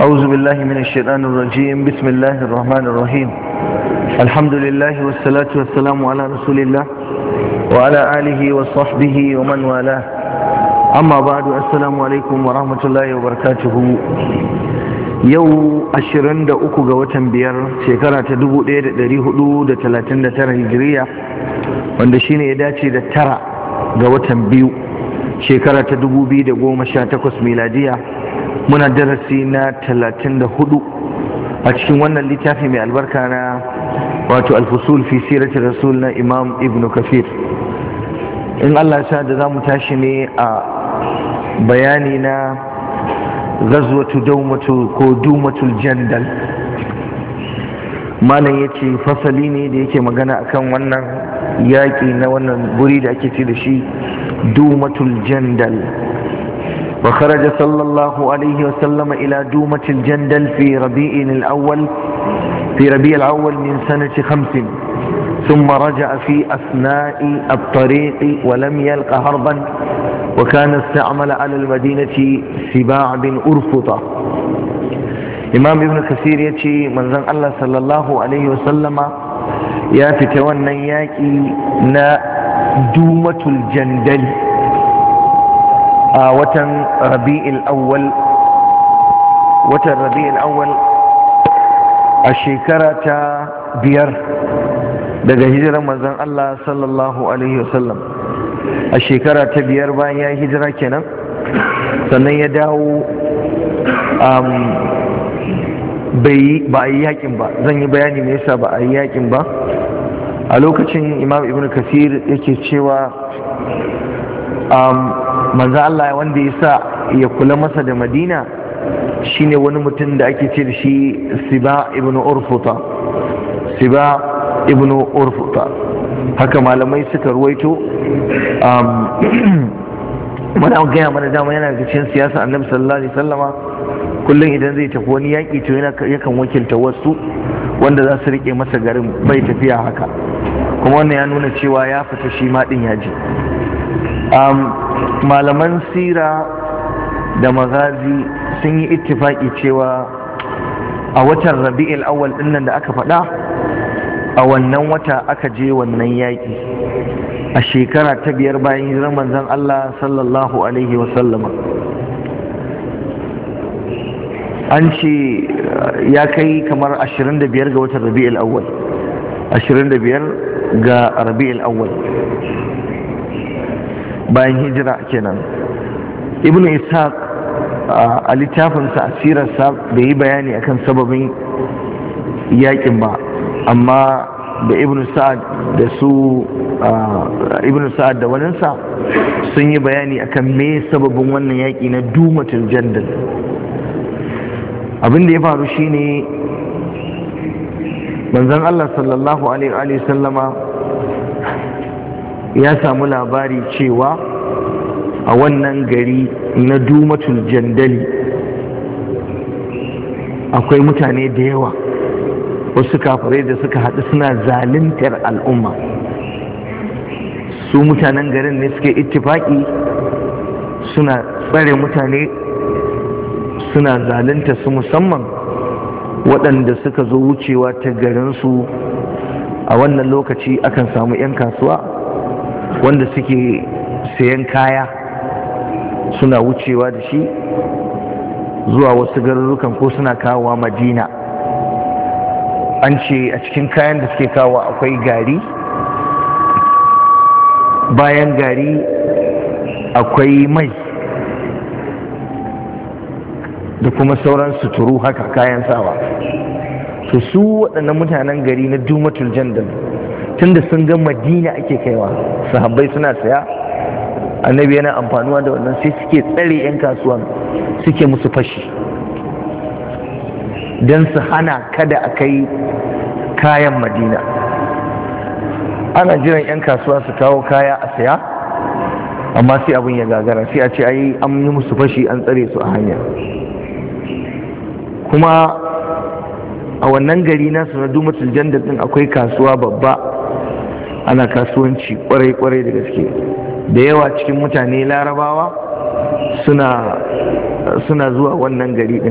أعوذ بالله من الشيطان الرجيم بسم الله الرحمن الرحيم الحمد لله والصلاة والسلام على رسول الله وعلى آله وصحبه ومن والاه أما بعد السلام عليكم ورحمة الله وبركاته يو أشرن yau 23 ga watan biyar shekara ta 1439 hijiriya wanda shine ya dace da tara ga watan biyu shekara ta 2018 miladiya muna darasi na talatin da hudu a cikin wannan littafi mai albarka na wato alfusul fi sirati rasul na imam ibn kafir in allah sha da za mu tashi ne a bayani na ghazwatu daumatu ko dumatul jandal malam ya ce fasali ne da yake magana akan wannan yaƙi na wannan guri da ake ci da shi dumatul jandal وخرج صلى الله عليه وسلم إلى دومة الجندل في ربيع الأول في ربيع الأول من سنة خمس ثم رجع في أثناء الطريق ولم يلق هربا وكان استعمل على المدينة سباع بن أرفطة إمام ابن كثير يتي منزل الله صلى الله عليه وسلم يا فتوى ياكي نا دومة الجندل a watan rabi'il awwal watan rabi'il awwal a shekara ta biyar daga hijirar manzon Allah sallallahu alaihi wasallam a shekara ta biyar bayan ya hijira kenan sannan ya dawo ba a yi yakin ba zan yi bayani me yasa ba a yi yakin ba a lokacin imam ibn kasir yake cewa manzo Allah wanda ya sa ya kula masa da Madina shine wani mutum da ake ce da shi Siba ibn Urfuta Siba ibn Urfuta haka malamai suka ruwaito um, muna gaya mana dama yana da cikin siyasa annabi sallallahu alaihi wasallama kullum idan zai tafi wani yaki to yakan wakilta wasu wanda za su riƙe masa garin bai tafiya haka kuma wannan ya nuna cewa ya fita shi ma ɗin yaji um, malaman sira da magazi sun yi ittifaki cewa a watan rabi'il awal dinnan da aka faɗa a wannan wata aka je wannan yaƙi a shekara ta biyar bayan hijirar manzon Allah sallallahu alaihi wasallama an ce uh, ya kai kamar 25 ga watan rabi'il awal 25 ga rabi'il awal bayan hijira kenan ibn ishaq a littafinsa a sirarsa bai yi bayani akan sababin yakin ba amma da Ibn sa'ad da su Ibn sa'ad da waninsa sun yi bayani akan me sababin wannan yaƙi na dumatul jandal abin da ya faru shine manzon Allah sallallahu alaihi wa sallama ya samu labari cewa a wannan gari na dumatul jandali akwai mutane da yawa wasu kafirai da suka haɗu suna zaluntar al'umma su mutanen garin ne suke ittifaki suna tsare mutane suna zalunta su musamman waɗanda suka zo wucewa ta garinsu a wannan lokaci akan samu 'yan kasuwa wanda suke sayan kaya suna wucewa da shi zuwa wasu garurukan ko suna kawowa madina an ce a cikin kayan da suke kawo akwai gari bayan gari akwai mai da kuma sauran suturu haka kayan sawa to su waɗannan mutanen gari na dumatul jandal tunda sun ga madina ake kaiwa sahabbai suna saya annabi yana amfanuwa da wannan sai suke tsare 'yan kasuwan suke musu fashi don su hana kada a kai kayan madina ana jiran 'yan kasuwa su kawo kaya a saya amma sai abin ya gagara sai a ce ayi an yi musu fashi an tsare su a hanya kuma a wannan gari na na dumatul jandar din akwai kasuwa babba ana kasuwanci kwarai-kwarai da gaske da yawa cikin mutane larabawa suna zuwa wannan gari din